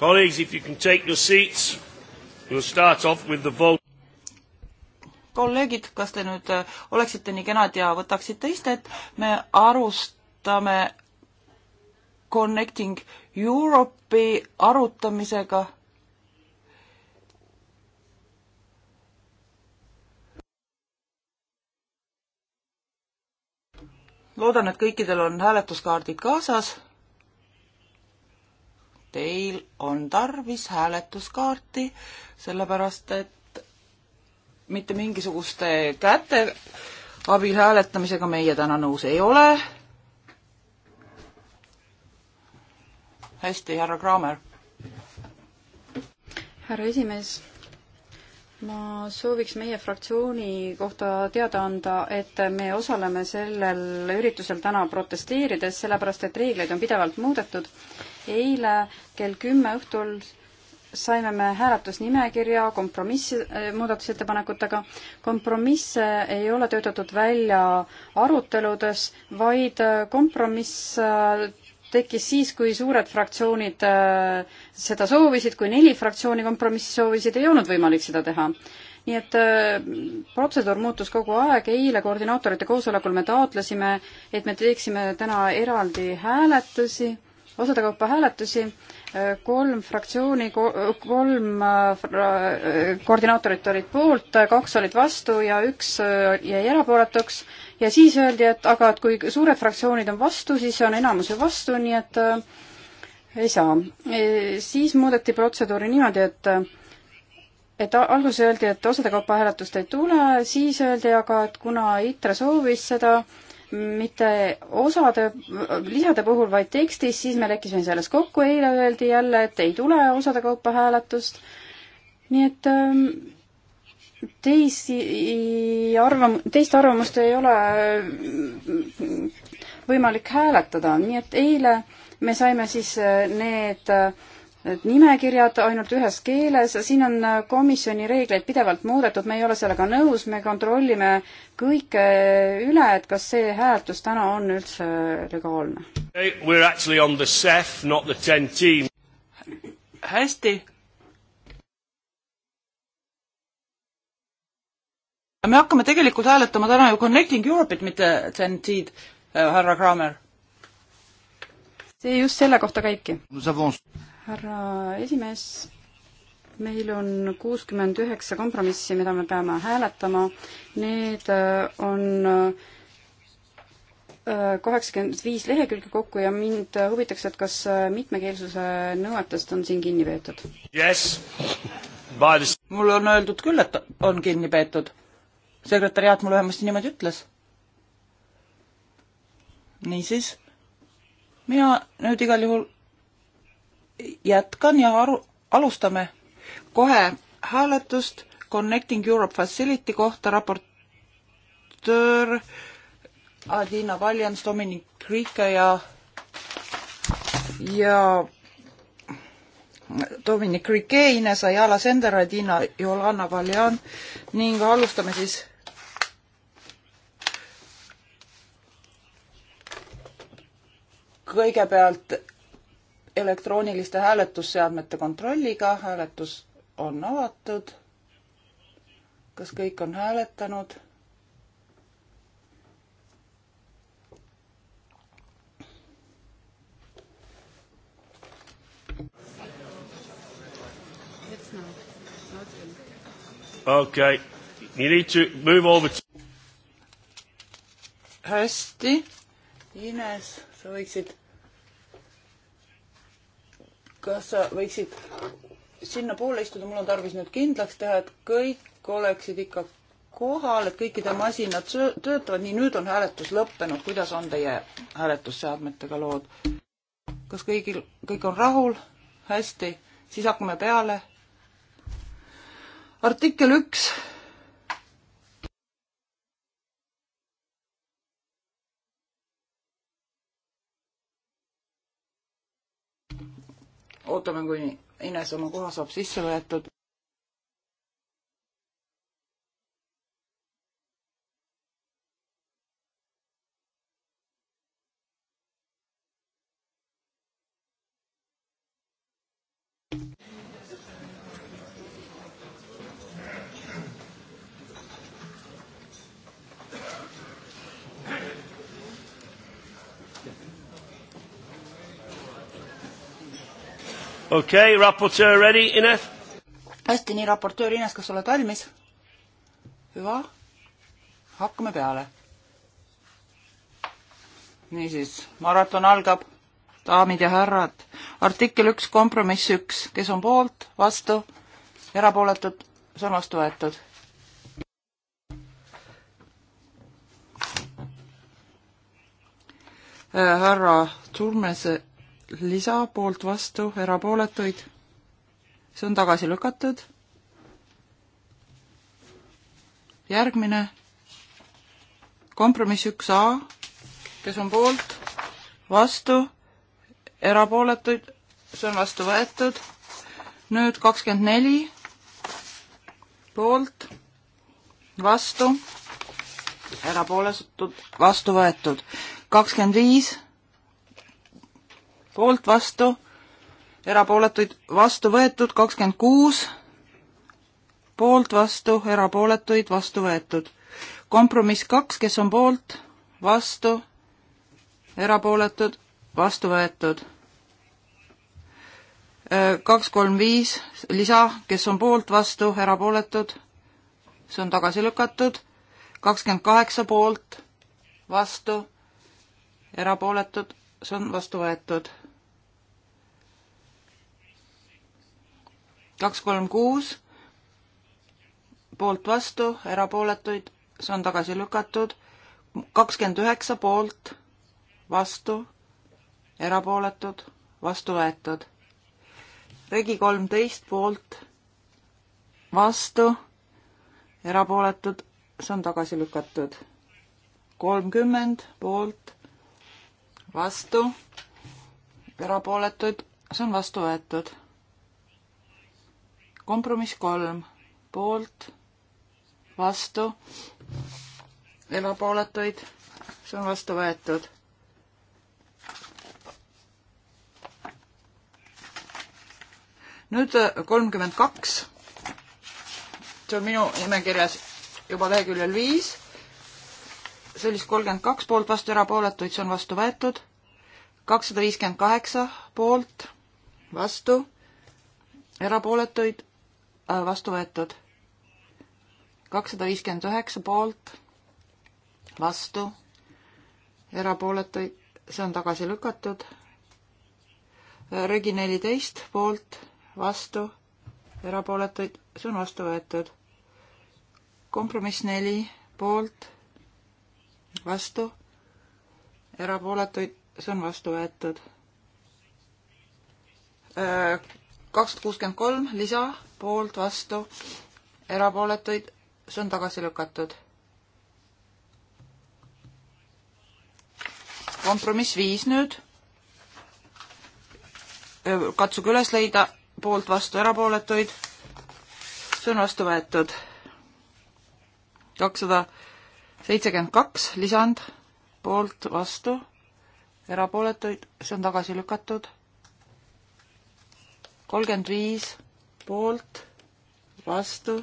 Colleagues, if you can take your seats, we'll start off with the vote. kolleegid, kas te nüüd äh, oleksite nii kenad ja võtaksite istet, me arustame Connecting Europe'i arutamisega loodan, et kõikidel on hääletuskaardid kaasas teil on tarvis hääletuskaarti, sellepärast et mitte mingisuguste käte abil hääletamisega meie täna nõus ei ole. hästi, härra Kraamer. härra esimees ma sooviks meie fraktsiooni kohta teada anda, et me osaleme sellel üritusel täna protesteerides, sellepärast et reegleid on pidevalt muudetud. eile kell kümme õhtul saime me hääletusnimekirja kompromissi, äh, muudatusettepanekutega. kompromisse ei ole töötatud välja aruteludes, vaid äh, kompromiss äh, tekkis siis, kui suured fraktsioonid äh, seda soovisid, kui neli fraktsiooni kompromissi soovisid, ei olnud võimalik seda teha. nii et äh, protseduur muutus kogu aeg, eile koordinaatorite koosolekul me taotlesime, et me teeksime täna eraldi hääletusi, osade kaupa hääletusi, äh, kolm fraktsiooni, kolm koordinaatorit olid poolt, kaks olid vastu ja üks jäi erapooletuks ja siis öeldi, et aga, et kui suured fraktsioonid on vastu, siis on enamus ju vastu, nii et äh, ei saa. E, siis muudeti protseduuri niimoodi, et et alguses öeldi, et osade kaupa hääletust ei tule, siis öeldi aga, et kuna ITRE soovis seda mitte osade, lisade puhul, vaid tekstis, siis me lekkisime selles kokku, eile öeldi jälle, et ei tule osade kaupa hääletust. nii et ähm, teisi arvam-, teist arvamust ei ole võimalik hääletada, nii et eile me saime siis äh, need äh, Need nimekirjad ainult ühes keeles, siin on äh, komisjoni reegleid pidevalt muudetud, me ei ole sellega nõus, me kontrollime kõike üle, et kas see hääletus täna on üldse legaalne. E hästi, me hakkame tegelikult hääletama täna ju Connecting Europe'it, mitte TNT-d, äh, härra Kramer. see just selle kohta käibki. härra esimees, meil on kuuskümmend üheksa kompromissi, mida me peame hääletama. Need äh, on äh, kaheksakümmend viis lehekülge kokku ja mind huvitaks, et kas mitmekeelsuse nõuetest on siin kinni peetud yes.? mulle on öeldud küll, et on kinni peetud sekretäriaat mulle vähemasti niimoodi ütles. niisiis, mina nüüd igal juhul jätkan ja aru, alustame kohe hääletust Connecting Europe Facility kohta raportöör Adina Valjans, Dominic Kriike ja, ja Dominic Riquet, Ines Ajala Sender, Adina Yolana Valjan ning alustame siis kõigepealt elektrooniliste hääletusseadmete kontrolliga, hääletus on avatud. kas kõik on hääletanud? okei okay., you need to move over to. hästi, Ines, sa võiksid kas sa võiksid sinnapoole istuda, mul on tarvis nüüd kindlaks teha, et kõik oleksid ikka kohal, et kõikide masinad töötavad, nii nüüd on hääletus lõppenud, kuidas on teie hääletusseadmetega lood? kas kõigil, kõik on rahul? hästi, siis hakkame peale. artikkel üks ootame, kuni Ines oma koha saab sisse võetud. okei okay,, raportöör ready, Ines? hästi, nii, raportöör Ines, kas oled valmis? hüva, hakkame peale. niisiis, maraton algab, daamid ja härrad. artikkel üks, kompromiss üks, kes on poolt, vastu, erapooletud, see on vastu võetud. Äh, härra Turmese lisa poolt vastu, erapooletuid. see on tagasi lükatud. järgmine kompromiss üks A, kes on poolt, vastu, erapooletuid, see on vastu võetud. nüüd kakskümmend neli, poolt, vastu, erapooletud, vastu võetud. kakskümmend viis poolt, vastu, erapooletuid vastu võetud, kakskümmend kuus poolt, vastu, erapooletuid vastu võetud. kompromiss kaks, kes on poolt, vastu, erapooletud, vastu võetud. Äh, kaks, kolm, viis, lisa, kes on poolt, vastu, erapooletud, see on tagasi lükatud. kakskümmend kaheksa poolt, vastu, erapooletud, see on vastu võetud kaks, kolm, kuus, poolt vastu, erapooletuid, see on tagasi lükatud, kakskümmend üheksa poolt, vastu, erapooletud, vastu võetud. regi kolmteist poolt, vastu, erapooletud, see on tagasi lükatud. kolmkümmend poolt, vastu, erapooletuid, see on vastu võetud kompromiss kolm, poolt, vastu, erapooletuid, see on vastu võetud. nüüd äh, kolmkümmend kaks, see on minu nimekirjas juba leheküljel viis, sellist kolmkümmend kaks poolt vastu erapooletuid, see on vastu võetud, kakssada viiskümmend kaheksa poolt vastu erapooletuid Äh, vastu võetud. kakssada viiskümmend üheksa poolt, vastu, erapooletuid, see on tagasi lükatud. Äh, regi neliteist poolt, vastu, erapooletuid, see on vastu võetud. kompromiss neli poolt, vastu, erapooletuid, see on vastu võetud äh, kakssada kuuskümmend kolm lisa poolt, vastu, erapooletuid, see on tagasi lükatud. kompromiss viis nüüd. katsuge üles leida poolt, vastu, erapooletuid. see on vastu võetud. kakssada seitsekümmend kaks lisand poolt, vastu, erapooletuid, see on tagasi lükatud kolmkümmend viis poolt, vastu,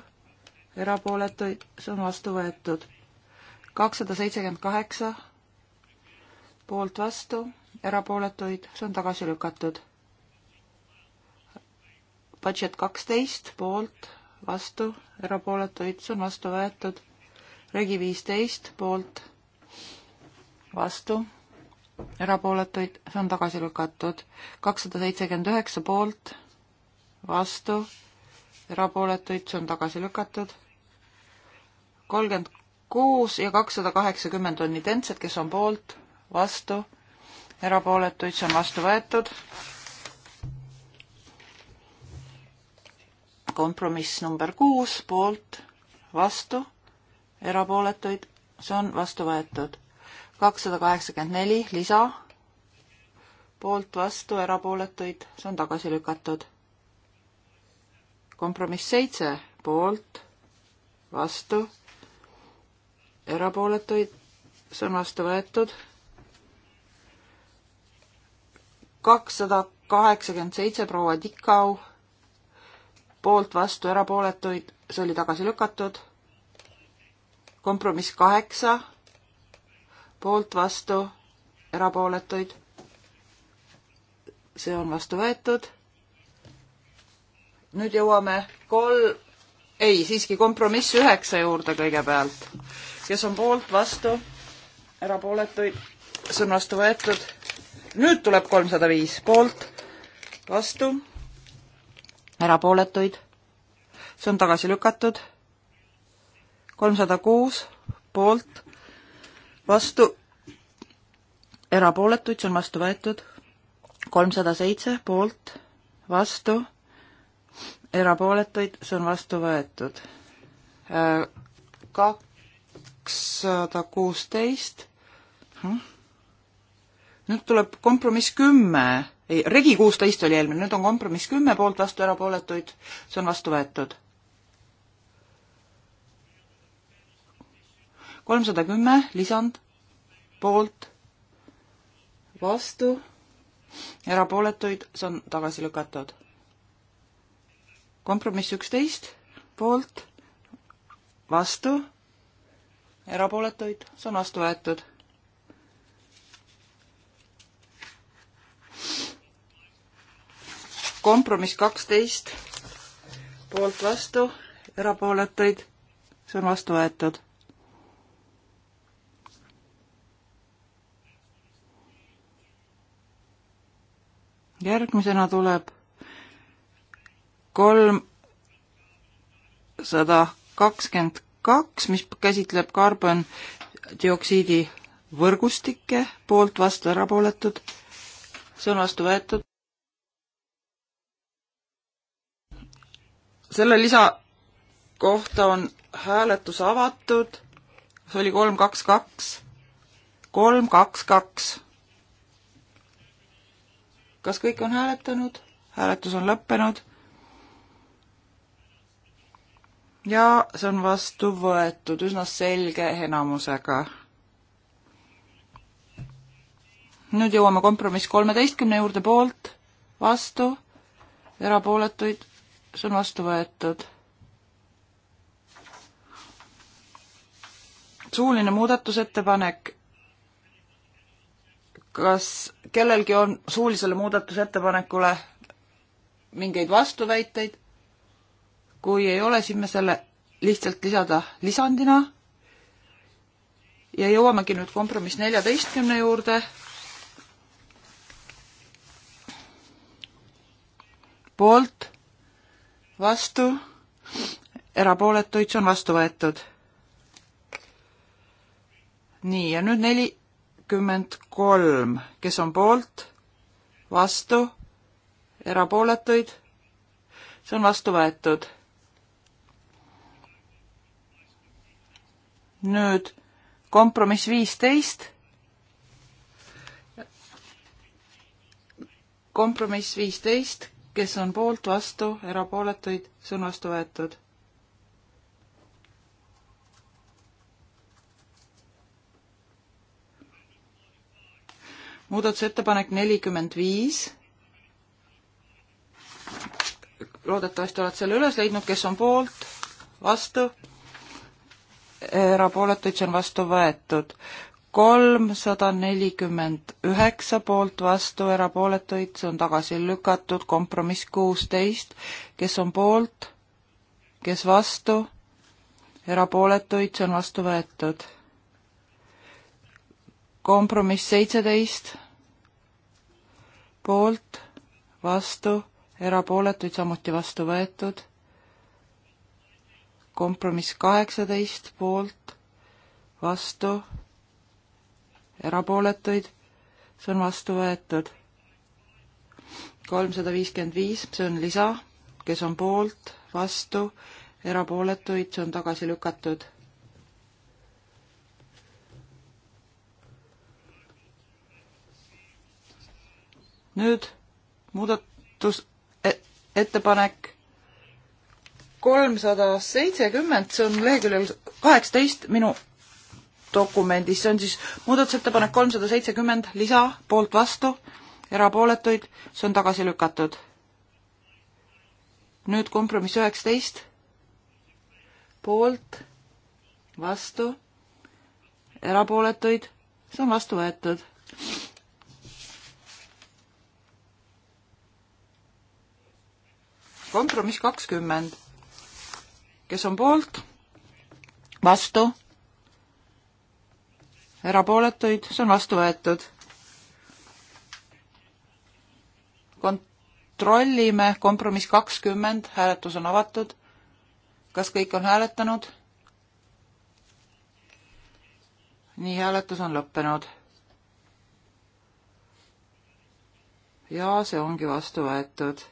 erapooletuid, see on vastu võetud. kakssada seitsekümmend kaheksa poolt, vastu, erapooletuid, see on tagasi lükatud. Budget kaksteist poolt, vastu, erapooletuid, see on vastu võetud. Regi viisteist poolt, vastu, erapooletuid, see on tagasi lükatud. kakssada seitsekümmend üheksa poolt vastu, erapooletuid, see on tagasi lükatud. kolmkümmend kuus ja kakssada kaheksakümmend on identsed, kes on poolt, vastu, erapooletuid, see on vastu võetud. kompromiss number kuus, poolt, vastu, erapooletuid, see on vastu võetud. kakssada kaheksakümmend neli, lisa, poolt, vastu, erapooletuid, see on tagasi lükatud kompromiss seitse poolt, vastu, erapooletuid, see on vastu võetud. kakssada kaheksakümmend seitse proua Tikau, poolt, vastu, erapooletuid, see oli tagasi lükatud. kompromiss kaheksa, poolt, vastu, erapooletuid, see on vastu võetud nüüd jõuame kol-, ei, siiski kompromiss üheksa juurde kõigepealt. kes on poolt, vastu, erapooletuid, see on vastu võetud. nüüd tuleb kolmsada viis poolt, vastu, erapooletuid, see on tagasi lükatud. kolmsada kuus poolt, vastu, erapooletuid, see on vastu võetud. kolmsada seitse poolt, vastu erapooletuid, see on vastu võetud. Äh, kakssada kuusteist. Hm? nüüd tuleb kompromiss kümme, ei, regi kuusteist oli eelmine, nüüd on kompromiss kümme poolt vastu erapooletuid, see on vastu võetud. kolmsada kümme lisand poolt vastu erapooletuid, see on tagasi lükatud kompromiss üksteist, poolt, vastu, erapooletuid, see on vastu võetud. kompromiss kaksteist, poolt, vastu, erapooletuid, see on vastu võetud järgmisena tuleb kolmsada kakskümmend kaks, mis käsitleb karbondioksiidi võrgustikke, poolt, vastu, erapooletud. see on vastu võetud. selle lisa kohta on hääletus avatud, see oli kolm, kaks, kaks, kolm, kaks, kaks. kas kõik on hääletanud? hääletus on lõppenud ja see on vastu võetud üsna selge enamusega. nüüd jõuame kompromiss kolmeteistkümne juurde poolt, vastu, erapooletuid, see on vastu võetud. suuline muudatusettepanek. kas kellelgi on suulisele muudatusettepanekule mingeid vastuväiteid? kui ei ole, siis me selle lihtsalt lisada lisandina ja jõuamegi nüüd kompromiss neljateistkümne juurde. poolt, vastu, erapooletuid, see on vastu võetud. nii, ja nüüd nelikümmend kolm, kes on poolt, vastu, erapooletuid, see on vastu võetud nüüd kompromiss viisteist. kompromiss viisteist, kes on poolt, vastu, erapooletuid, see on vastu võetud muudatusettepanek nelikümmend viis. loodetavasti oled selle üles leidnud, kes on poolt, vastu, erapooletuid, see on vastu võetud. kolmsada nelikümmend üheksa poolt vastu, erapooletuid, see on tagasi lükatud, kompromiss kuusteist, kes on poolt, kes vastu, erapooletuid, see on vastu võetud. kompromiss seitseteist, poolt, vastu, erapooletuid samuti vastu võetud kompromiss kaheksateist poolt, vastu, erapooletuid, see on vastu võetud. kolmsada viiskümmend viis, see on lisa, kes on poolt, vastu, erapooletuid, see on tagasi lükatud. nüüd muudatus, e-, ettepanek kolmsada seitsekümmend, see on leheküljel kaheksateist minu dokumendis, see on siis muudatusettepanek kolmsada seitsekümmend, lisa, poolt vastu, erapooletuid, see on tagasi lükatud. nüüd kompromiss üheksateist, poolt, vastu, erapooletuid, see on vastu võetud. kompromiss kakskümmend kes on poolt, vastu, erapooletuid, see on vastu võetud. kontrollime, kompromiss kakskümmend, hääletus on avatud. kas kõik on hääletanud? nii, hääletus on lõppenud. ja see ongi vastu võetud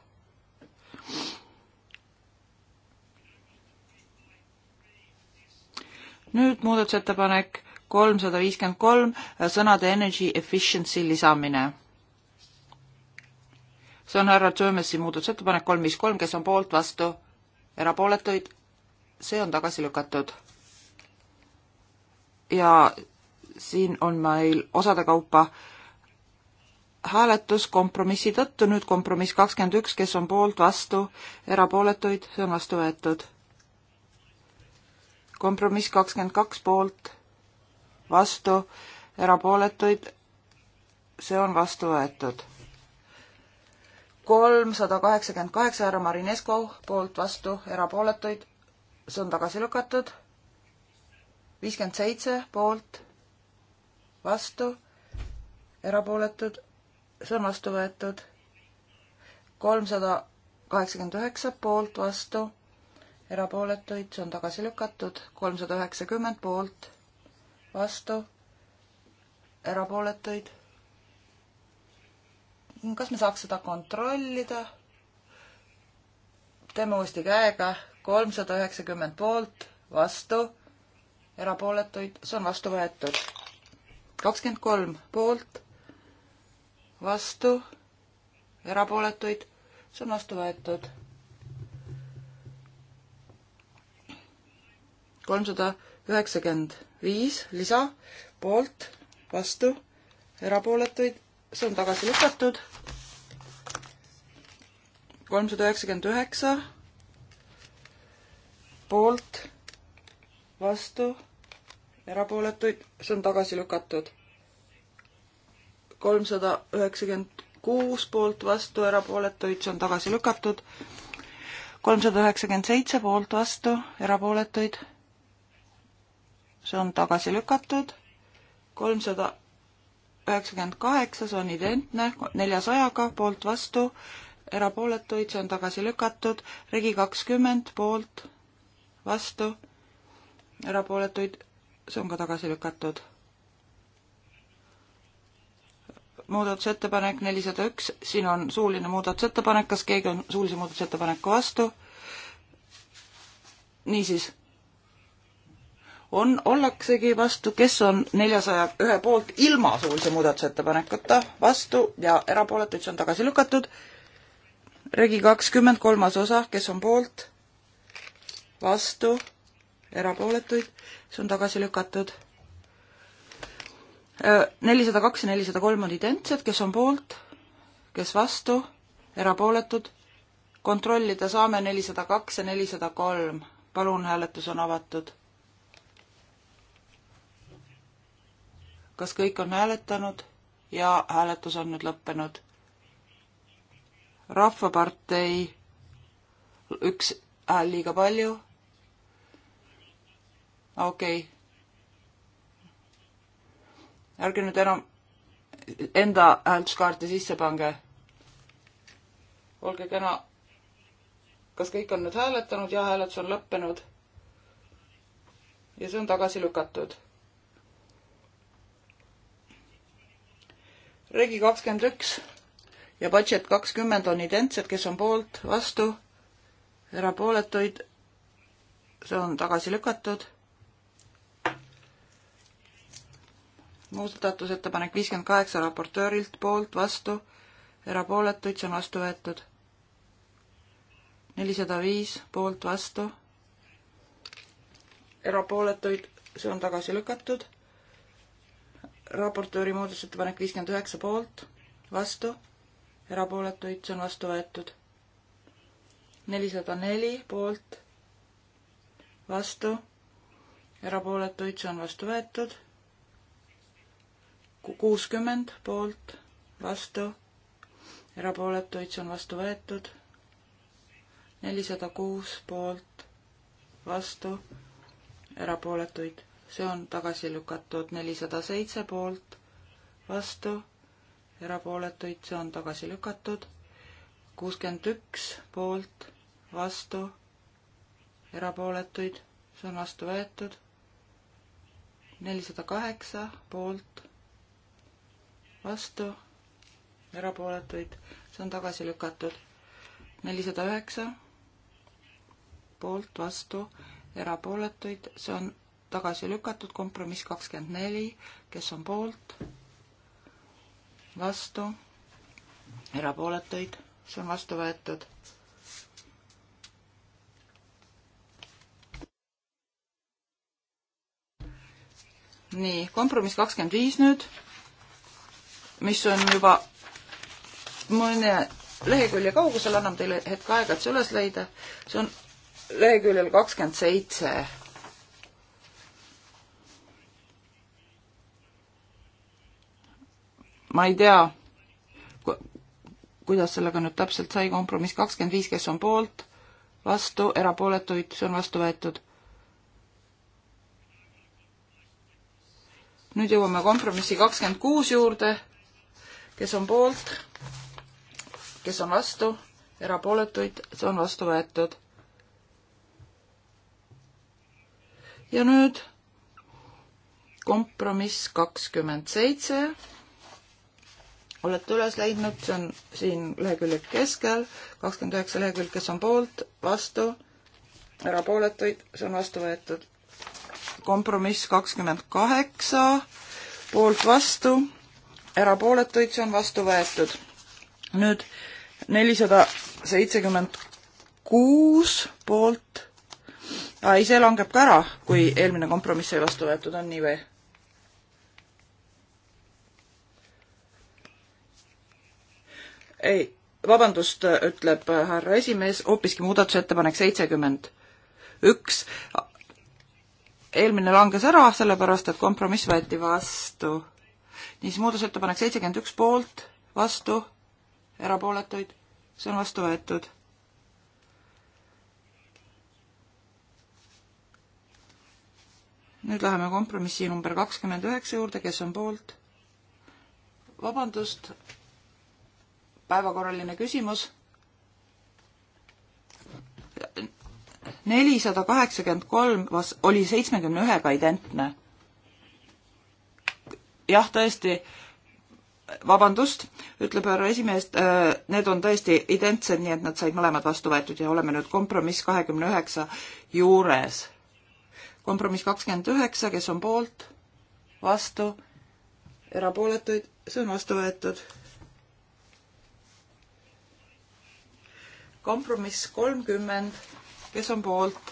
nüüd muudatusettepanek kolmsada viiskümmend kolm, äh, sõnade energy efficiency lisamine. see on härra Tšömesi muudatusettepanek kolm viis kolm, kes on poolt, vastu, erapooletuid, see on tagasi lükatud. ja siin on meil osade kaupa hääletus kompromissi tõttu, nüüd kompromiss kakskümmend üks, kes on poolt, vastu, erapooletuid, see on vastu võetud kompromiss kakskümmend kaks poolt, vastu, erapooletuid, see on vastu võetud. kolmsada kaheksakümmend kaheksa härra Marinesko poolt, vastu, erapooletuid, see on tagasi lükatud. viiskümmend seitse poolt, vastu, erapooletud, see on vastu võetud. kolmsada kaheksakümmend üheksa poolt, vastu erapooletuid, see on tagasi lükatud, kolmsada üheksakümmend poolt, vastu, erapooletuid. kas me saaks seda kontrollida? teeme uuesti käega, kolmsada üheksakümmend poolt, vastu, erapooletuid, see on vastu võetud. kakskümmend kolm poolt, vastu, erapooletuid, see on vastu võetud kolmsada üheksakümmend viis lisa poolt, vastu, erapooletuid, see on tagasi lükatud. kolmsada üheksakümmend üheksa poolt, vastu, erapooletuid, see on tagasi lükatud. kolmsada üheksakümmend kuus poolt, vastu, erapooletuid, see on tagasi lükatud. kolmsada üheksakümmend seitse poolt, vastu, erapooletuid see on tagasi lükatud, kolmsada üheksakümmend kaheksa, see on identne neljasajaga, poolt vastu, erapooletuid, see on tagasi lükatud, regi kakskümmend, poolt, vastu, erapooletuid, see on ka tagasi lükatud. muudatusettepanek nelisada üks, siin on suuline muudatusettepanek, kas keegi on suulise muudatusettepaneku vastu? niisiis on, ollaksegi vastu, kes on neljasaja ühe poolt ilma suulise muudatusettepanekuta vastu ja erapooletuid, see on tagasi lükatud. regi kakskümmend kolmas osa, kes on poolt, vastu, erapooletuid, see on tagasi lükatud. Äh, nelisada kaks ja nelisada kolm on identsed, kes on poolt, kes vastu, erapooletud, kontrollida saame nelisada kaks ja nelisada kolm. palun, hääletus on avatud kas kõik on hääletanud? ja hääletus on nüüd lõppenud. rahvapartei üks hääl liiga palju. okei okay.. ärge nüüd enam enda hääletuskaarte sisse pange. olge kena. kas kõik on nüüd hääletanud ja hääletus on lõppenud? ja see on tagasi lükatud Regi kakskümmend üks ja budget kakskümmend on identsed, kes on poolt, vastu, erapooletuid, see on tagasi lükatud. muudatusettepanek viiskümmend kaheksa raportöörilt poolt, vastu, erapooletuid, see on vastu võetud. nelisada viis poolt, vastu, erapooletuid, see on tagasi lükatud raportööri muudatusettepanek viiskümmend üheksa poolt, vastu, erapooletuid, see on vastu võetud. nelisada neli poolt, vastu, erapooletuid, see on vastu võetud. kuuskümmend poolt, vastu, erapooletuid, see on vastu võetud. nelisada kuus poolt, vastu, erapooletuid see on tagasi lükatud nelisada seitse poolt, vastu, erapooletuid, see on tagasi lükatud, kuuskümmend üks poolt, vastu, erapooletuid, see on vastu võetud, nelisada kaheksa poolt, vastu, erapooletuid, see on tagasi lükatud, nelisada üheksa poolt, vastu, erapooletuid, see on tagasi lükatud, kompromiss kakskümmend neli, kes on poolt, vastu, erapooletuid, see on vastu võetud. nii, kompromiss kakskümmend viis nüüd, mis on juba mõne lehekülje kaugusel, annab teile hetk aega, et see üles leida, see on leheküljel kakskümmend seitse ma ei tea, kuidas sellega nüüd täpselt sai, kompromiss kakskümmend viis, kes on poolt, vastu, erapooletuid, see on vastu võetud. nüüd jõuame kompromissi kakskümmend kuus juurde, kes on poolt, kes on vastu, erapooletuid, see on vastu võetud. ja nüüd kompromiss kakskümmend seitse olete üles leidnud, see on siin lehekülje keskel, kakskümmend üheksa lehekülg, kes on poolt, vastu, erapooletuid, see on vastu võetud. kompromiss kakskümmend kaheksa, poolt vastu, erapooletuid, see on vastu võetud. nüüd nelisada seitsekümmend kuus poolt, ei, see langeb ka ära, kui eelmine kompromiss sai vastu võetud, on nii või? ei, vabandust, ütleb härra esimees, hoopiski muudatusettepanek seitsekümmend üks. eelmine langes ära, sellepärast et kompromiss võeti vastu. niisiis, muudatusettepanek seitsekümmend üks poolt, vastu, erapooletuid, see on vastu võetud. nüüd läheme kompromissi number kakskümmend üheksa juurde, kes on poolt? vabandust, päevakorraline küsimus. nelisada kaheksakümmend kolm oli seitsmekümne ühega identne. jah, tõesti, vabandust, ütleb härra esimees, äh, need on tõesti identsed, nii et nad said mõlemad vastu võetud ja oleme nüüd kompromiss kahekümne üheksa juures. kompromiss kakskümmend üheksa, kes on poolt, vastu, erapooletuid, see on vastu võetud kompromiss kolmkümmend, kes on poolt,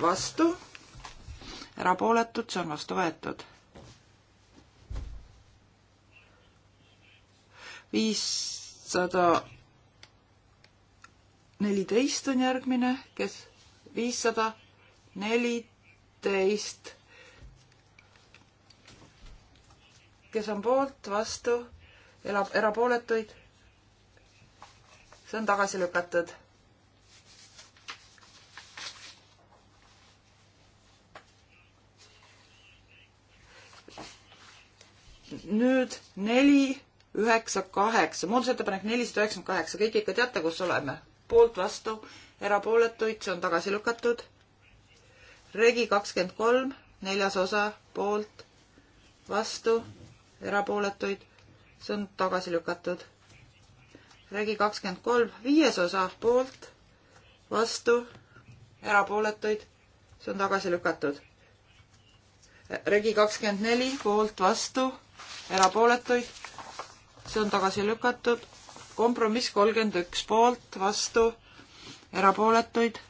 vastu, erapooletud, see on vastu võetud. viissada neliteist on järgmine, kes viissada neliteist. kes on poolt, vastu, elab erapooletuid, see on tagasi lükatud. nüüd neli, üheksa, kaheksa, muudatusettepanek nelisada üheksakümmend kaheksa, kõik ikka teate, kus oleme. poolt, vastu, erapooletuid, see on tagasi lükatud. regi kakskümmend kolm, neljas osa, poolt, vastu, erapooletuid, see on tagasi lükatud regi kakskümmend kolm, viies osa poolt, vastu, erapooletuid, see on tagasi lükatud. regi kakskümmend neli poolt, vastu, erapooletuid, see on tagasi lükatud. kompromiss kolmkümmend üks poolt, vastu, erapooletuid,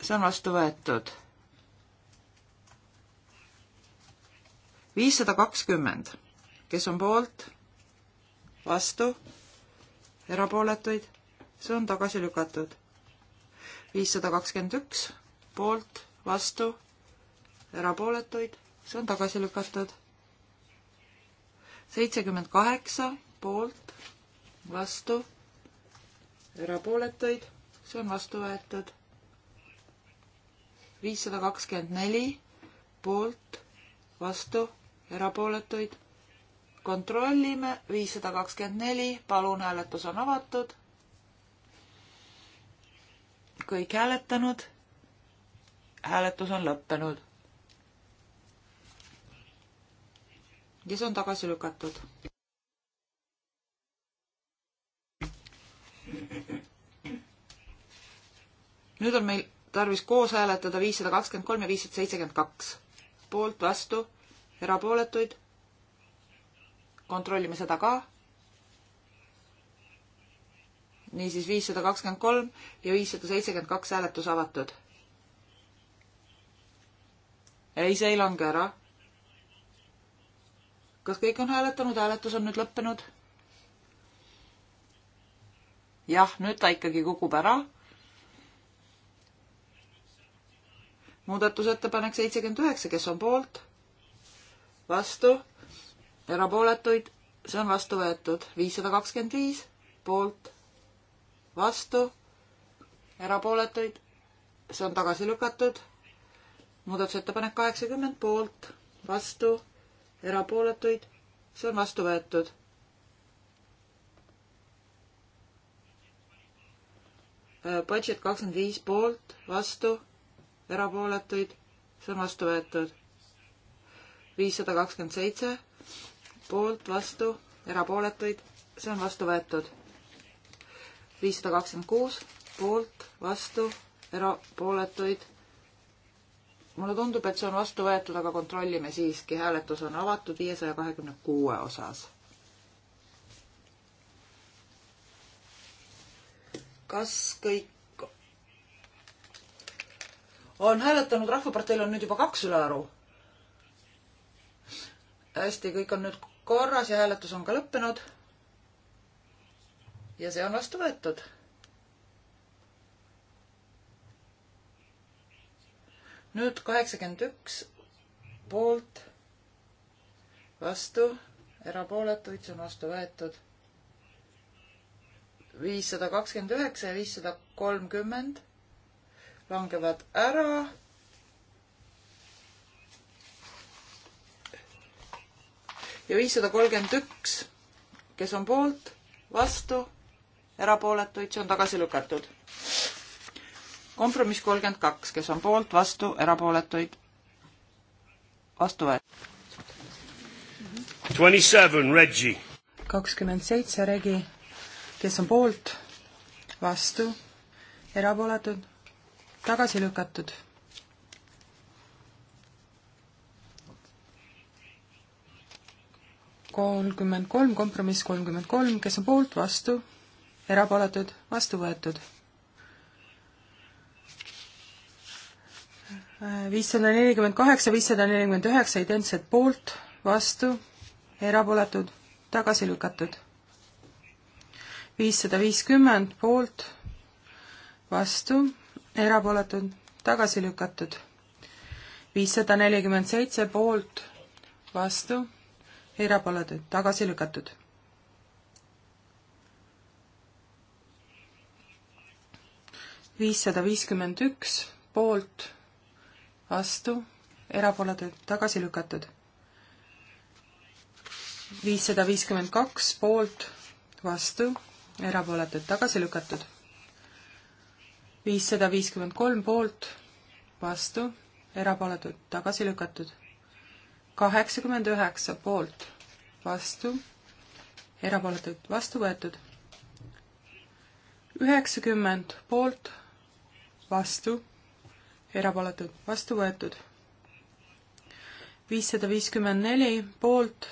see on vastu võetud. viissada kakskümmend, kes on poolt vastu, erapooletuid, see on tagasi lükatud. viissada kakskümmend üks poolt, vastu, erapooletuid, see on tagasi lükatud. seitsekümmend kaheksa poolt, vastu, erapooletuid, see on vastu võetud. viissada kakskümmend neli poolt, vastu, erapooletuid kontrollime, viissada kakskümmend neli, palun, hääletus on avatud. kõik hääletanud. hääletus on lõppenud. ja see on tagasi lükatud. nüüd on meil tarvis koos hääletada viissada kakskümmend kolm ja viissada seitsekümmend kaks. poolt, vastu, erapooletuid kontrollime seda ka. niisiis viissada kakskümmend kolm ja viissada seitsekümmend kaks hääletus avatud. ei, see ei lange ära. kas kõik on hääletanud, hääletus on nüüd lõppenud? jah, nüüd ta ikkagi kukub ära. muudatusettepanek seitsekümmend üheksa, kes on poolt? vastu erapooletuid, see on vastu võetud. viissada kakskümmend viis poolt, vastu, erapooletuid, see on tagasi lükatud. muudatusettepanek kaheksakümmend poolt, vastu, erapooletuid, see on vastu võetud. Budget kakskümmend viis poolt, vastu, erapooletuid, see on vastu võetud. viissada kakskümmend seitse poolt, vastu, erapooletuid, see on vastu võetud. viissada kakskümmend kuus poolt, vastu, erapooletuid. mulle tundub, et see on vastu võetud, aga kontrollime siiski, hääletus on avatud viiesaja kahekümne kuue osas. kas kõik on hääletanud, Rahvaparteil on nüüd juba kaks ülearu. hästi, kõik on nüüd korras ja hääletus on ka lõppenud. ja see on vastu võetud. nüüd kaheksakümmend üks poolt, vastu, erapooletuid, see on vastu võetud. viissada kakskümmend üheksa ja viissada kolmkümmend langevad ära ja viissada kolmkümmend üks, kes on poolt, vastu, erapooletuid, see on tagasi lükatud. kompromiss kolmkümmend kaks, kes on poolt, vastu, erapooletuid, vastu võetud. kakskümmend seitse, Regi, kes on poolt, vastu, erapooletud, tagasi lükatud kolmkümmend kolm, kompromiss kolmkümmend kolm, kes on poolt, vastu, erapooletud, vastu võetud. viissada nelikümmend kaheksa, viissada nelikümmend üheksa identsed poolt, vastu, erapooletud, tagasi lükatud. viissada viiskümmend poolt, vastu, erapooletud, tagasi lükatud. viissada nelikümmend seitse poolt, vastu erapooletud, tagasi lükatud. viissada viiskümmend üks poolt, vastu, erapooletud, tagasi lükatud. viissada viiskümmend kaks poolt, vastu, erapooletud, tagasi lükatud. viissada viiskümmend kolm poolt, vastu, erapooletud, tagasi lükatud kaheksakümmend üheksa poolt, vastu, erapooletud, vastu võetud. üheksakümmend poolt, vastu, erapooletud, vastu võetud. viissada viiskümmend neli poolt,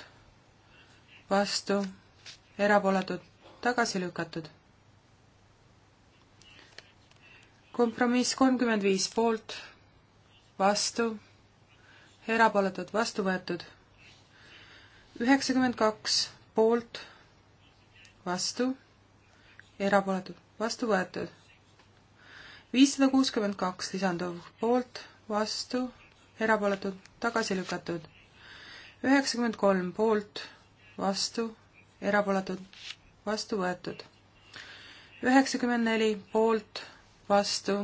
vastu, erapooletud, tagasi lükatud. kompromiss kolmkümmend viis poolt, vastu erapooletud, vastu võetud. üheksakümmend kaks poolt, vastu, erapooletud, vastu võetud. viissada kuuskümmend kaks lisanduv poolt, vastu, erapooletud, tagasi lükatud. üheksakümmend kolm poolt, vastu, erapooletud, vastu võetud. üheksakümmend neli poolt, vastu,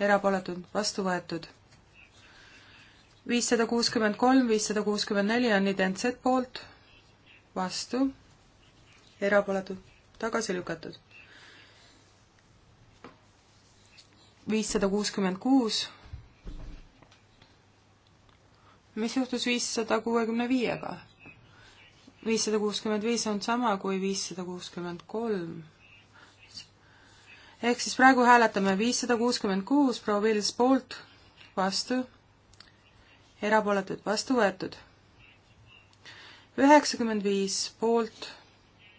erapooletud, vastu võetud viissada kuuskümmend kolm, viissada kuuskümmend neli on identsed poolt, vastu, erapooletud, tagasi lükatud. viissada kuuskümmend kuus, mis juhtus viissada kuuekümne viiega? viissada kuuskümmend viis on sama kui viissada kuuskümmend kolm. ehk siis praegu hääletame viissada kuuskümmend kuus, proua Vils poolt, vastu erapooletud, vastu võetud. üheksakümmend viis poolt,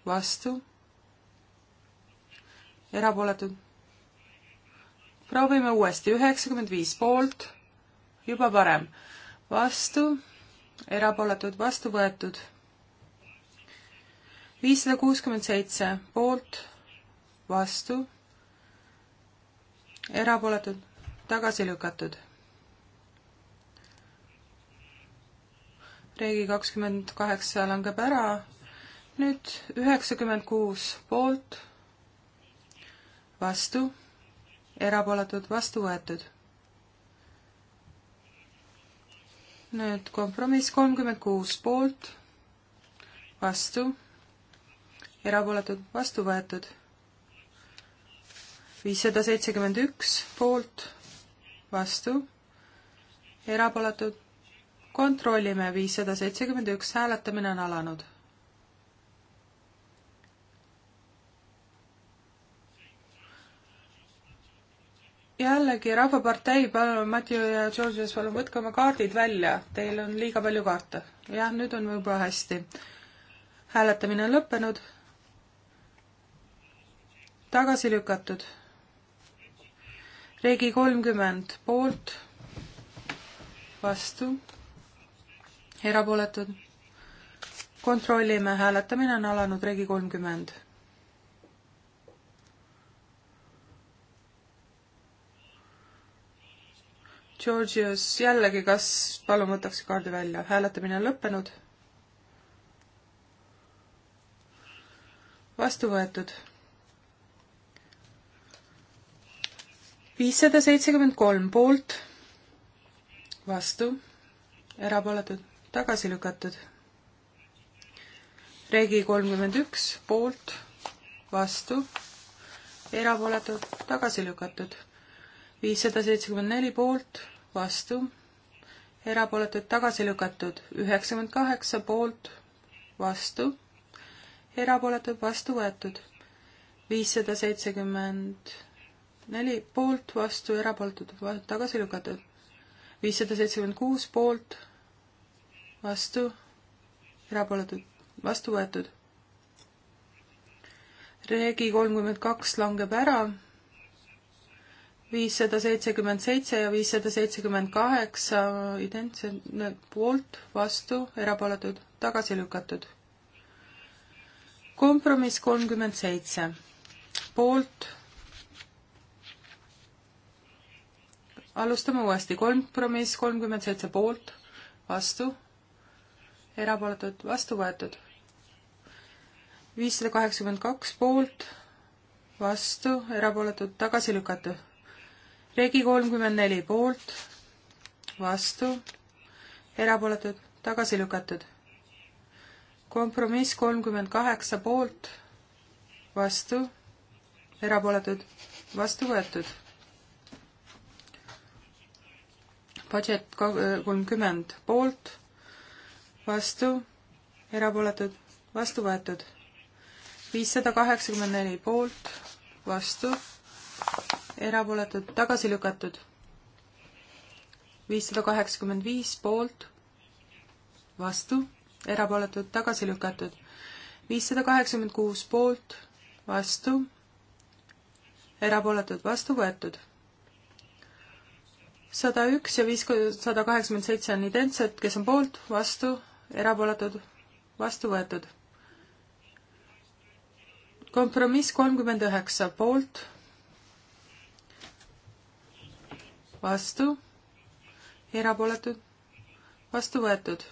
vastu, erapooletud. proovime uuesti, üheksakümmend viis poolt, juba parem, vastu, erapooletud, vastu võetud. viissada kuuskümmend seitse poolt, vastu, erapooletud, tagasi lükatud Reegi kakskümmend kaheksa langeb ära, nüüd üheksakümmend kuus poolt, vastu, erapooletud, vastu võetud. nüüd kompromiss kolmkümmend kuus poolt, vastu, erapooletud, vastu võetud. viissada seitsekümmend üks poolt, vastu, erapooletud, kontrollime, viissada seitsekümmend üks, hääletamine on alanud. jällegi Rahvapartei, palun, Mati ja Georgios, palun võtke oma kaardid välja, teil on liiga palju kaarte. jah, nüüd on juba hästi. hääletamine on lõppenud. tagasi lükatud. Regi kolmkümmend poolt, vastu erapooletud. kontrollime, hääletamine on alanud regi kolmkümmend. Georgios jällegi, kas palun võtaks kaardi välja, hääletamine on lõppenud. vastu võetud. viissada seitsekümmend kolm poolt, vastu, erapooletud tagasi lükatud. Regi kolmkümmend üks poolt, vastu, erapooletud, tagasi lükatud. viissada seitsekümmend neli poolt, vastu, erapooletud, tagasi lükatud. üheksakümmend kaheksa poolt, vastu, erapooletud, vastu võetud. viissada seitsekümmend neli poolt, vastu, erapooletud, tagasi lükatud. viissada seitsekümmend kuus poolt vastu, erapooletud, vastu võetud. Regi kolmkümmend kaks langeb ära, viissada seitsekümmend seitse ja viissada seitsekümmend kaheksa identsed poolt, vastu, erapooletud, tagasi lükatud. kompromiss kolmkümmend seitse, poolt alustame uuesti, kompromiss kolmkümmend seitse poolt, vastu, erapooletud, vastu võetud. viissada kaheksakümmend kaks poolt, vastu, erapooletud, tagasi lükatud. Regi kolmkümmend neli poolt, vastu, erapooletud, tagasi lükatud. kompromiss kolmkümmend kaheksa poolt, vastu, erapooletud, vastu võetud. budget kolmkümmend poolt vastu, erapooletud, vastu võetud. viissada kaheksakümmend neli poolt, vastu, erapooletud, tagasi lükatud. viissada kaheksakümmend viis poolt, vastu, erapooletud, tagasi lükatud. viissada kaheksakümmend kuus poolt, vastu, erapooletud, vastu võetud sada üks ja viis, sada kaheksakümmend seitse on identsed, kes on poolt, vastu, erapooletud, vastu võetud. kompromiss kolmkümmend üheksa poolt, vastu, erapooletud, vastu võetud.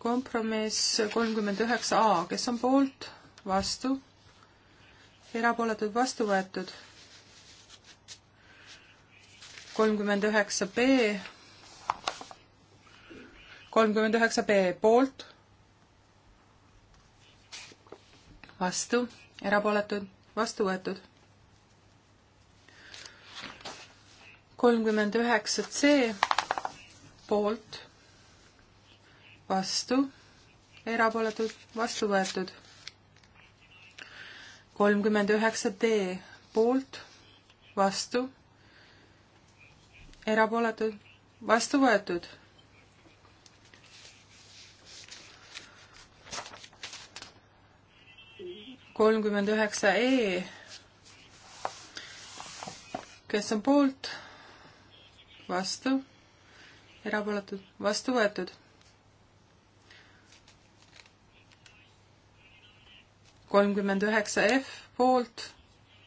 kompromiss kolmkümmend üheksa A, kes on poolt, vastu, erapooletud, vastu võetud kolmkümmend üheksa B, kolmkümmend üheksa B poolt, vastu, erapooletud, vastu võetud. kolmkümmend üheksa C poolt, vastu, erapooletud, vastu võetud. kolmkümmend üheksa D poolt, vastu erapooletud, vastu võetud. kolmkümmend üheksa E, kes on poolt, vastu, erapooletud, vastu võetud. kolmkümmend üheksa F poolt,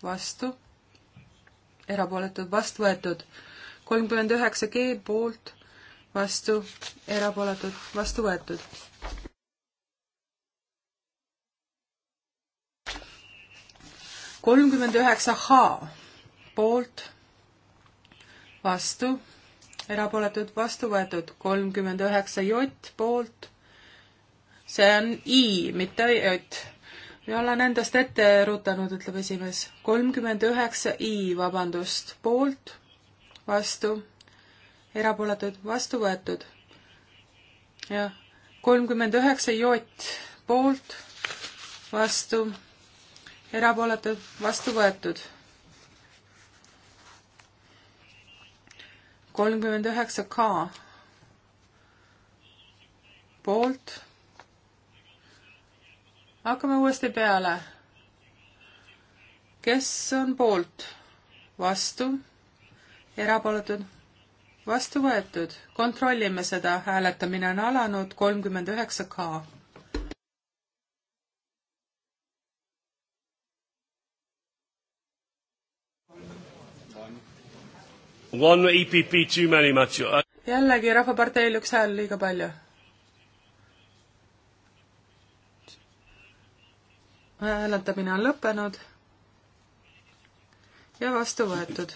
vastu, erapooletud, vastu võetud kolmkümmend üheksa G poolt, vastu, erapooletud, vastu võetud. kolmkümmend üheksa H poolt, vastu, erapooletud, vastu võetud, kolmkümmend üheksa J poolt, see on I, mitte J ja olen endast ette rutanud, ütleb esimees. kolmkümmend üheksa i, vabandust, poolt, vastu, erapooletud, vastu võetud. jah, kolmkümmend üheksa joot poolt, vastu, erapooletud, vastu võetud. kolmkümmend üheksa K poolt. hakkame uuesti peale. kes on poolt? vastu erapooletud, vastu võetud. kontrollime seda, hääletamine on alanud, kolmkümmend üheksa K. One EPP too many much. jällegi Rahvaparteil üks hääl liiga palju. hääletamine on lõppenud ja vastu võetud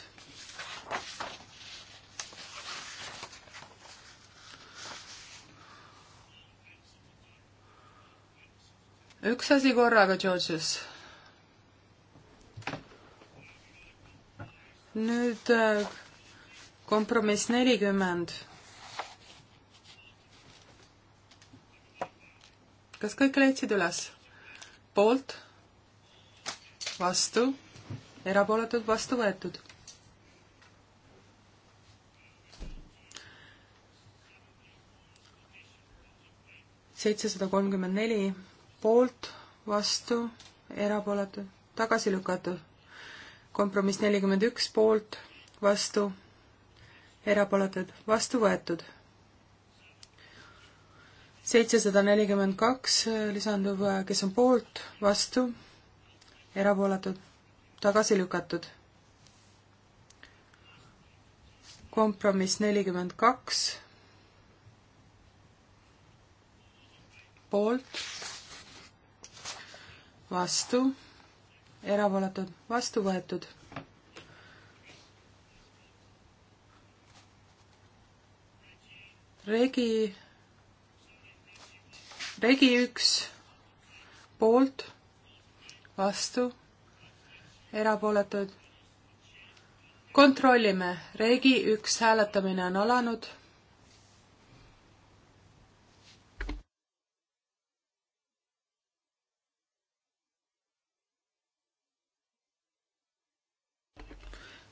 üks asi korraga, Georges. nüüd äh, kompromiss nelikümmend. kas kõik leidsid üles? poolt, vastu, erapooletud, vastu võetud seitsesada kolmkümmend neli poolt, vastu, erapooletud, tagasi lükatud. kompromiss nelikümmend üks poolt, vastu, erapooletud, vastu võetud. seitsesada nelikümmend kaks lisandub, kes on poolt, vastu, erapooletud, tagasi lükatud. kompromiss nelikümmend kaks poolt vastu, erapooletud, vastu võetud. regi, regi üks poolt, vastu, erapooletud. kontrollime, regi üks hääletamine on alanud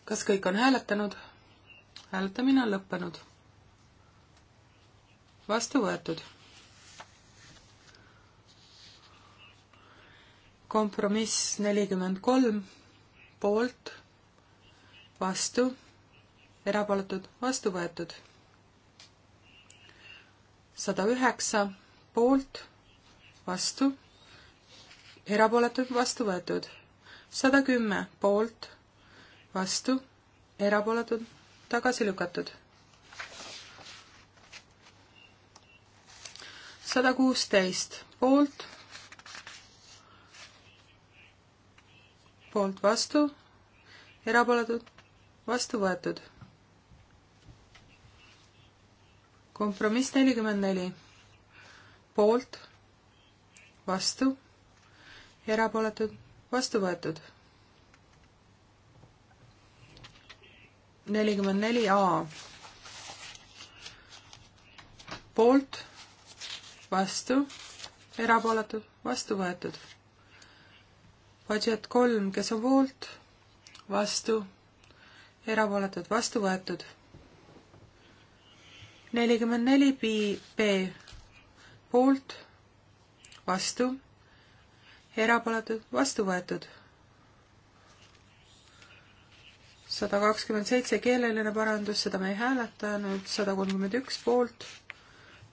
kas kõik on hääletanud? hääletamine on lõppenud. vastu võetud. kompromiss nelikümmend kolm, poolt, vastu, erapooletud, vastu võetud. sada üheksa, poolt, vastu, erapooletud, vastu võetud. sada kümme, poolt vastu, erapooletud, tagasi lükatud. sada kuusteist poolt, poolt vastu, erapooletud, vastu võetud. kompromiss nelikümmend neli, poolt, vastu, erapooletud, vastu võetud nelikümmend neli A. poolt, vastu, erapooletud, vastu võetud. Budget kolm, kes on poolt, vastu, erapooletud, vastu võetud. nelikümmend neli B, B poolt, vastu, erapooletud, vastu võetud sada kakskümmend seitse keeleline parandus, seda me ei hääletanud, sada kolmkümmend üks poolt,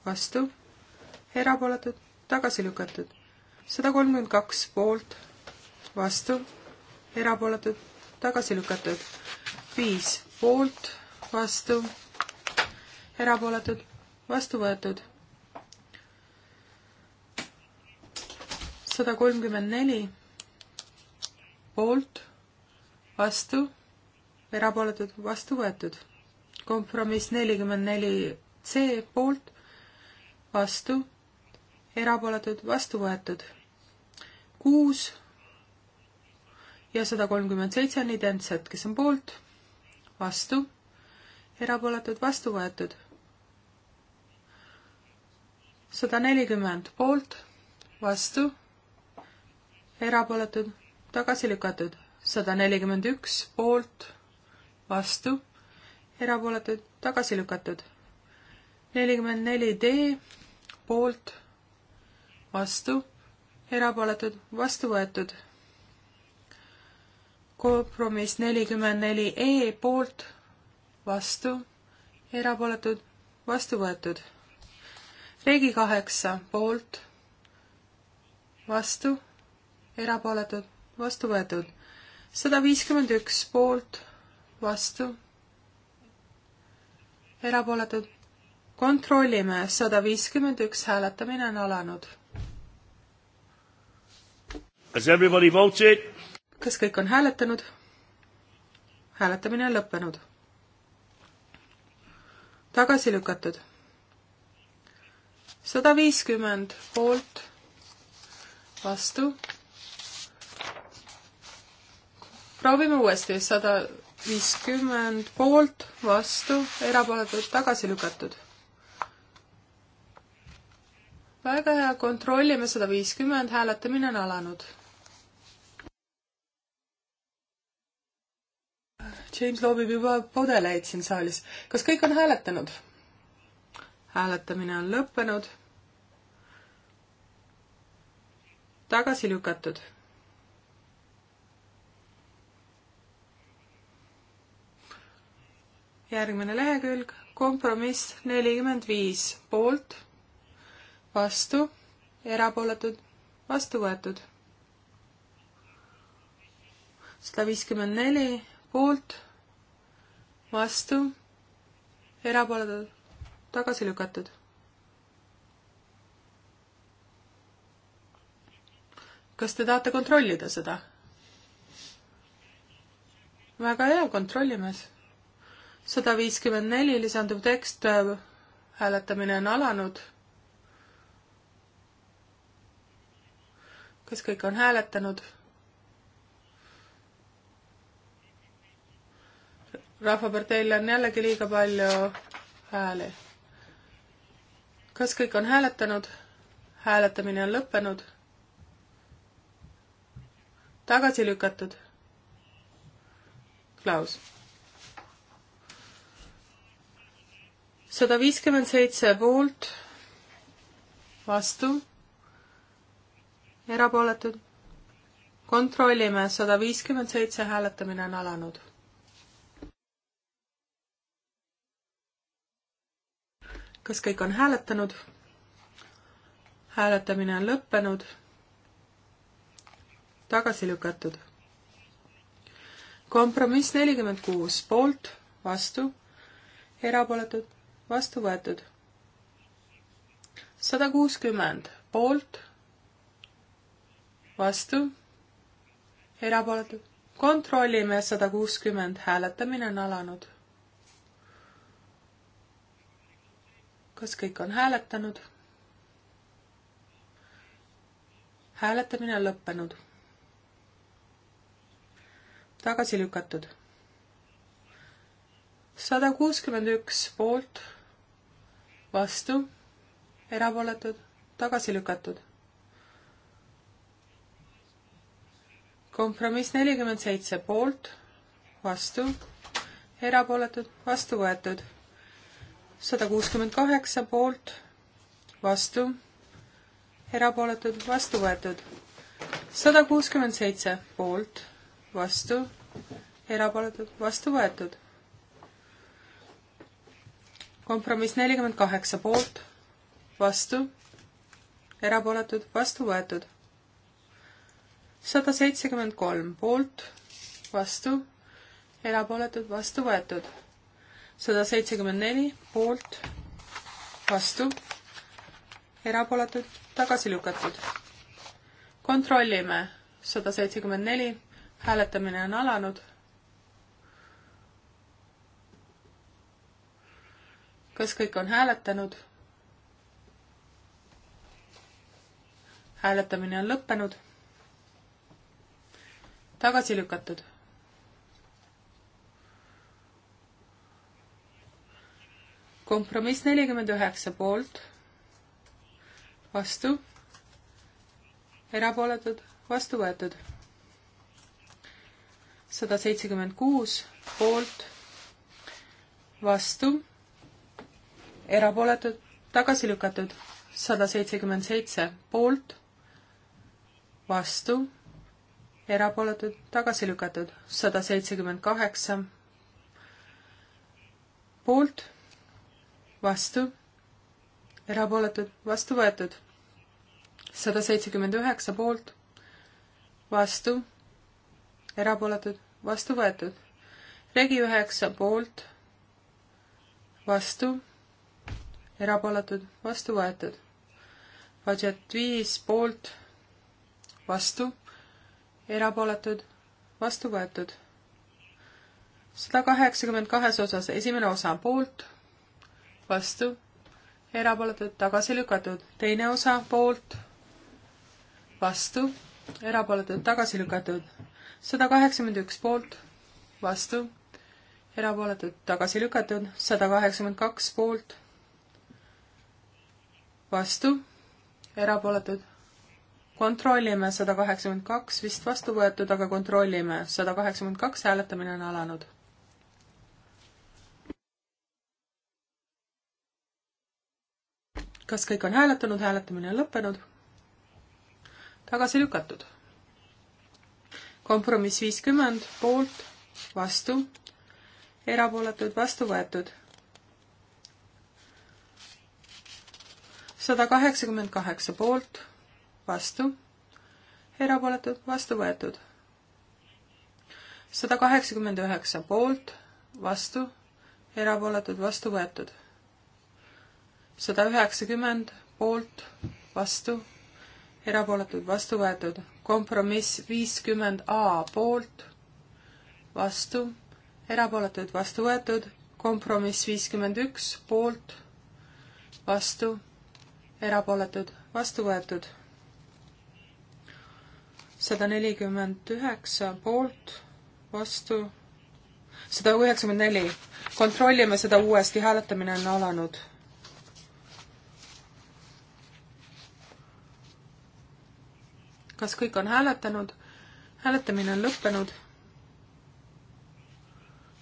vastu, erapooletud, tagasi lükatud. sada kolmkümmend kaks poolt, vastu, erapooletud, tagasi lükatud. viis poolt, vastu, erapooletud, vastu võetud. sada kolmkümmend neli poolt, vastu erapooletud, vastu võetud. kompromiss nelikümmend neli C poolt, vastu, erapooletud, vastu võetud. kuus ja sada kolmkümmend seitse on identsed, kes on poolt, vastu, erapooletud, vastu võetud. sada nelikümmend poolt, vastu, erapooletud, tagasi lükatud. sada nelikümmend üks poolt vastu, erapooletud, tagasi lükatud. nelikümmend neli D poolt, vastu, erapooletud, vastu võetud. kompromiss nelikümmend neli E poolt, vastu, erapooletud, vastu võetud. Regi kaheksa poolt, vastu, erapooletud, vastu võetud. sada viiskümmend üks poolt vastu, erapooletud. kontrollime, sada viiskümmend üks hääletamine on alanud. kas kõik on hääletanud? hääletamine on lõppenud. tagasi lükatud. sada viiskümmend poolt, vastu proovime uuesti, sada viiskümmend poolt, vastu, erapooletud, tagasi lükatud. väga hea, kontrollime sada viiskümmend, hääletamine on alanud. James loobib juba pudeleid siin saalis. kas kõik on hääletanud? hääletamine on lõppenud. tagasi lükatud järgmine lehekülg, kompromiss nelikümmend viis, poolt, vastu, erapooletud, vastu võetud. sada viiskümmend neli, poolt, vastu, erapooletud, tagasi lükatud. kas te tahate kontrollida seda? väga hea, kontrollime siis sada viiskümmend neli lisanduv tekst, äh, hääletamine on alanud. kas kõik on hääletanud? rahvaparteil on jällegi liiga palju hääli. kas kõik on hääletanud? hääletamine on lõppenud. tagasi lükatud. Klaus sada viiskümmend seitse poolt, vastu, erapooletud. kontrollime, sada viiskümmend seitse hääletamine on alanud. kas kõik on hääletanud? hääletamine on lõppenud. tagasi lükatud. kompromiss nelikümmend kuus poolt, vastu, erapooletud vastu võetud. sada kuuskümmend poolt, vastu, erapooletud. kontrollime sada kuuskümmend, hääletamine on alanud. kas kõik on hääletanud? hääletamine on lõppenud. tagasi lükatud. sada kuuskümmend üks poolt vastu, erapooletud, tagasi lükatud. kompromiss nelikümmend seitse poolt, vastu, erapooletud, vastu võetud. sada kuuskümmend kaheksa poolt, vastu, erapooletud, vastu võetud. sada kuuskümmend seitse poolt, vastu, erapooletud, vastu võetud kompromiss nelikümmend kaheksa poolt, vastu, erapooletud, vastu võetud. sada seitsekümmend kolm poolt, vastu, erapooletud, vastu võetud. sada seitsekümmend neli poolt, vastu, erapooletud, tagasi lükatud. kontrollime, sada seitsekümmend neli, hääletamine on alanud kas kõik on hääletanud? hääletamine on lõppenud. tagasi lükatud. kompromiss nelikümmend üheksa poolt, vastu, erapooletud, vastu võetud. sada seitsekümmend kuus poolt, vastu erapooletud, tagasi lükatud. sada seitsekümmend seitse poolt, vastu, erapooletud, tagasi lükatud. sada seitsekümmend kaheksa poolt, vastu, erapooletud, vastu võetud. sada seitsekümmend üheksa poolt, vastu, erapooletud, vastu võetud. regi üheksa poolt, vastu erapooletud, vastu võetud. Budget viis poolt, vastu, erapooletud, vastu võetud. sada kaheksakümmend kahes osas esimene osa poolt, vastu, erapooletud, tagasi lükatud. teine osa poolt, vastu, erapooletud, tagasi lükatud. sada kaheksakümmend üks poolt, vastu, erapooletud, tagasi lükatud. sada kaheksakümmend kaks poolt vastu, erapooletud. kontrollime, sada kaheksakümmend kaks vist vastu võetud, aga kontrollime, sada kaheksakümmend kaks, hääletamine on alanud. kas kõik on hääletanud, hääletamine on lõppenud? tagasi lükatud. kompromiss viiskümmend, poolt, vastu, erapooletud, vastu võetud sada kaheksakümmend kaheksa poolt, vastu, erapooletud, vastu võetud. sada kaheksakümmend üheksa poolt, vastu, erapooletud, vastu võetud. sada üheksakümmend poolt, vastu, erapooletud, vastu võetud. kompromiss viiskümmend A poolt, vastu, erapooletud, vastu võetud. kompromiss viiskümmend üks poolt, vastu erapooletud, vastu võetud. sada nelikümmend üheksa poolt, vastu, sada üheksakümmend neli. kontrollime seda uuesti, hääletamine on alanud. kas kõik on hääletanud? hääletamine on lõppenud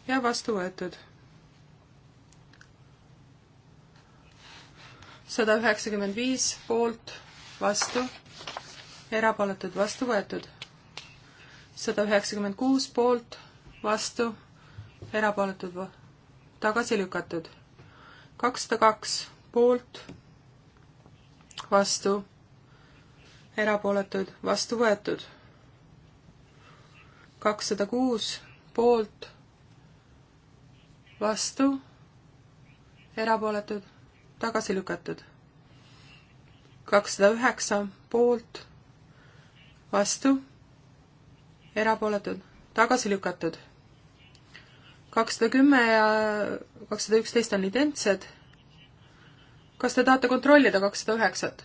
ja vastu võetud sada üheksakümmend viis poolt, vastu, erapooletud, vastu võetud. sada üheksakümmend kuus poolt, vastu, erapooletud, tagasi lükatud. kakssada kaks poolt, vastu, erapooletud, vastu võetud. kakssada kuus poolt, vastu, erapooletud tagasi lükatud. kakssada üheksa poolt, vastu, erapooletud, tagasi lükatud. kakssada kümme ja kakssada üksteist on identsed. kas te tahate kontrollida kakssada üheksat?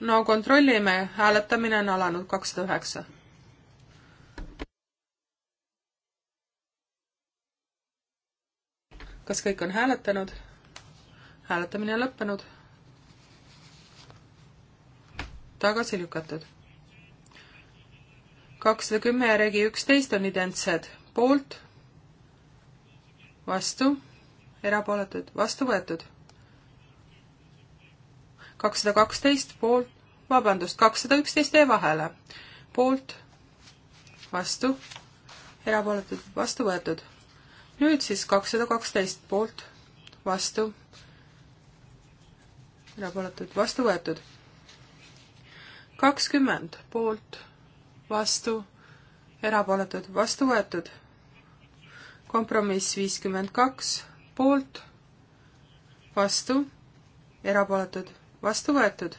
no kontrollime, hääletamine on alanud kakssada üheksa kas kõik on hääletanud? hääletamine on lõppenud. tagasi lükatud. kakssada kümme ja regi üksteist on identsed. poolt, vastu, erapooletud, vastu võetud. kakssada kaksteist poolt, vabandust, kakssada üksteist jäi vahele. poolt, vastu, erapooletud, vastu võetud nüüd siis kakssada kaksteist poolt, vastu, erapooletud, vastu võetud. kakskümmend poolt, vastu, erapooletud, vastu võetud. kompromiss viiskümmend kaks poolt, vastu, erapooletud, vastu võetud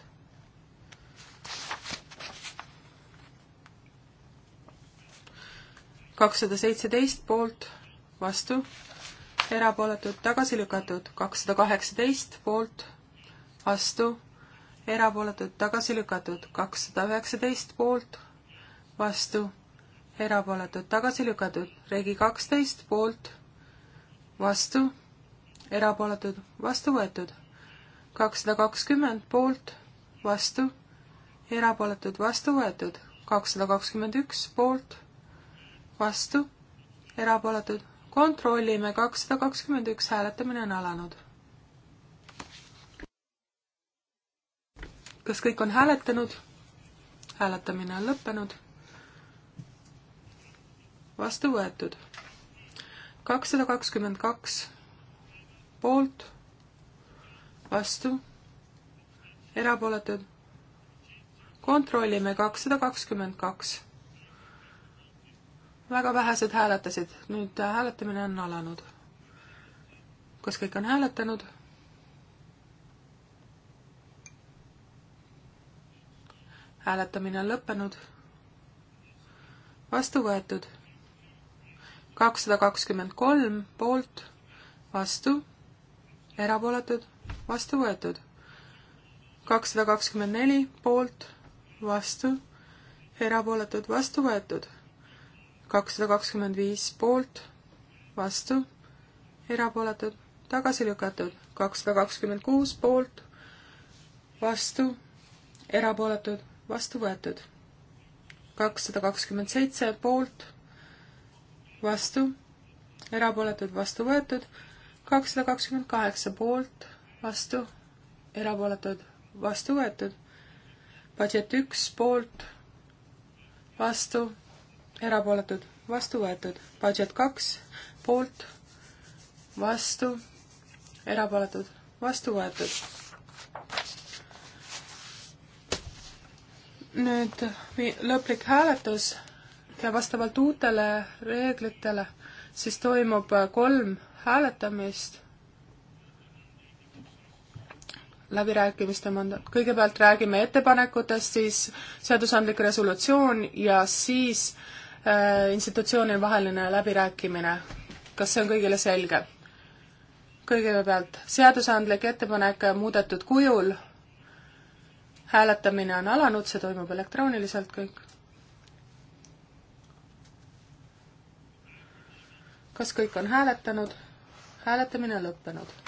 kakssada seitseteist poolt, vastu, erapooletud, tagasi lükatud, kakssada kaheksateist poolt, vastu, erapooletud, tagasi lükatud, kakssada üheksateist poolt, vastu, erapooletud, tagasi lükatud, regi kaksteist poolt, vastu, erapooletud, vastu võetud, kakssada kakskümmend poolt, vastu, erapooletud, vastu võetud, kakssada kakskümmend üks poolt, vastu, erapooletud, kontrollime, kakssada kakskümmend üks hääletamine on alanud. kas kõik on hääletanud? hääletamine on lõppenud. vastu võetud. kakssada kakskümmend kaks poolt, vastu, erapooletud. kontrollime kakssada kakskümmend kaks väga vähesed hääletasid, nüüd äh, hääletamine on alanud. kas kõik on hääletanud? hääletamine on lõppenud. vastu võetud. kakssada kakskümmend kolm poolt, vastu, erapooletud, vastu võetud. kakssada kakskümmend neli poolt, vastu, erapooletud, vastu võetud kakssada kakskümmend viis poolt, vastu, erapooletud, tagasi lükatud, kakssada kakskümmend kuus poolt, vastu, erapooletud, vastu võetud. kakssada kakskümmend seitse poolt, vastu, erapooletud, vastu võetud, kakssada kakskümmend kaheksa poolt, vastu, erapooletud, vastu võetud, budget üks poolt, vastu erapooletud, vastu võetud. Budget kaks, poolt, vastu, erapooletud, vastu võetud. nüüd lõplik hääletus ja vastavalt uutele reeglitele siis toimub kolm hääletamist, läbirääkimiste mandaat, kõigepealt räägime ettepanekutest, siis seadusandlik resolutsioon ja siis äh, Äh, institutsiooni vaheline läbirääkimine. kas see on kõigile selge? kõigepealt, seadusandlik ettepanek muudetud kujul, hääletamine on alanud, see toimub elektrooniliselt kõik. kas kõik on hääletanud? hääletamine lõppenud.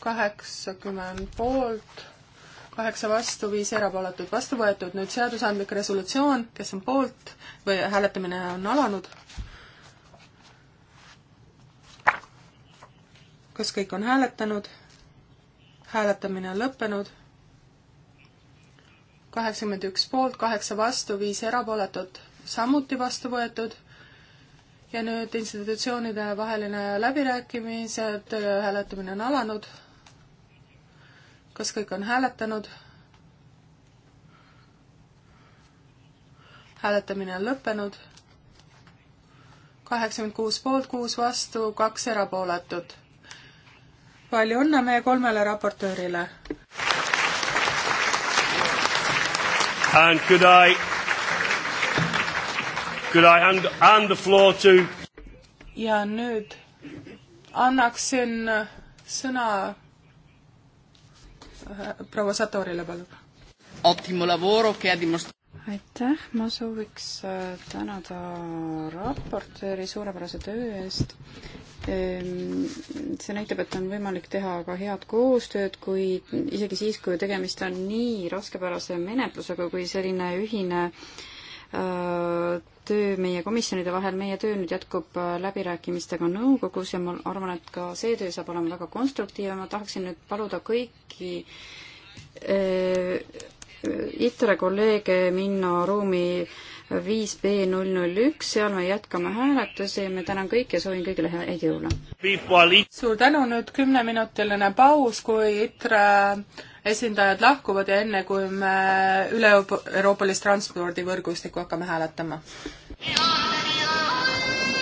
kaheksakümmend poolt kaheksa vastu, viis erapooletut vastu võetud, nüüd seadusandlik resolutsioon, kes on poolt või hääletamine on alanud. kas kõik on hääletanud? hääletamine on lõppenud. kaheksakümmend üks poolt, kaheksa vastu, viis erapooletut samuti vastu võetud. ja nüüd institutsioonide vaheline läbirääkimised, hääletamine on alanud kas kõik on hääletanud? hääletamine on lõppenud. kaheksakümmend kuus poolt, kuus vastu, kaks erapooletut. palju õnne meie kolmele raportöörile! And could I, could I hand, hand the floor to ja nüüd annaksin sõna proua Satorile, palun. aitäh, ma sooviks äh, tänada raportööri suurepärase töö eest. Ehm, see näitab, et on võimalik teha ka head koostööd, kui isegi siis, kui tegemist on nii raskepärase menetlusega, kui selline ühine äh, Äh, töö meie komisjonide vahel, meie töö nüüd jätkub äh, läbirääkimistega nõukogus ja ma arvan, et ka see töö saab olema väga konstruktiivne, ma tahaksin nüüd paluda kõiki äh, ITRE kolleege minna ruumi viis B null null üks, seal me jätkame hääletusi ja me tänan kõiki ja soovin kõigile häid jõule. suur tänu, nüüd kümneminutiline paus, kui ITRE esindajad lahkuvad ja enne, kui me üle-euroopalist transpordivõrgustikku hakkame hääletama.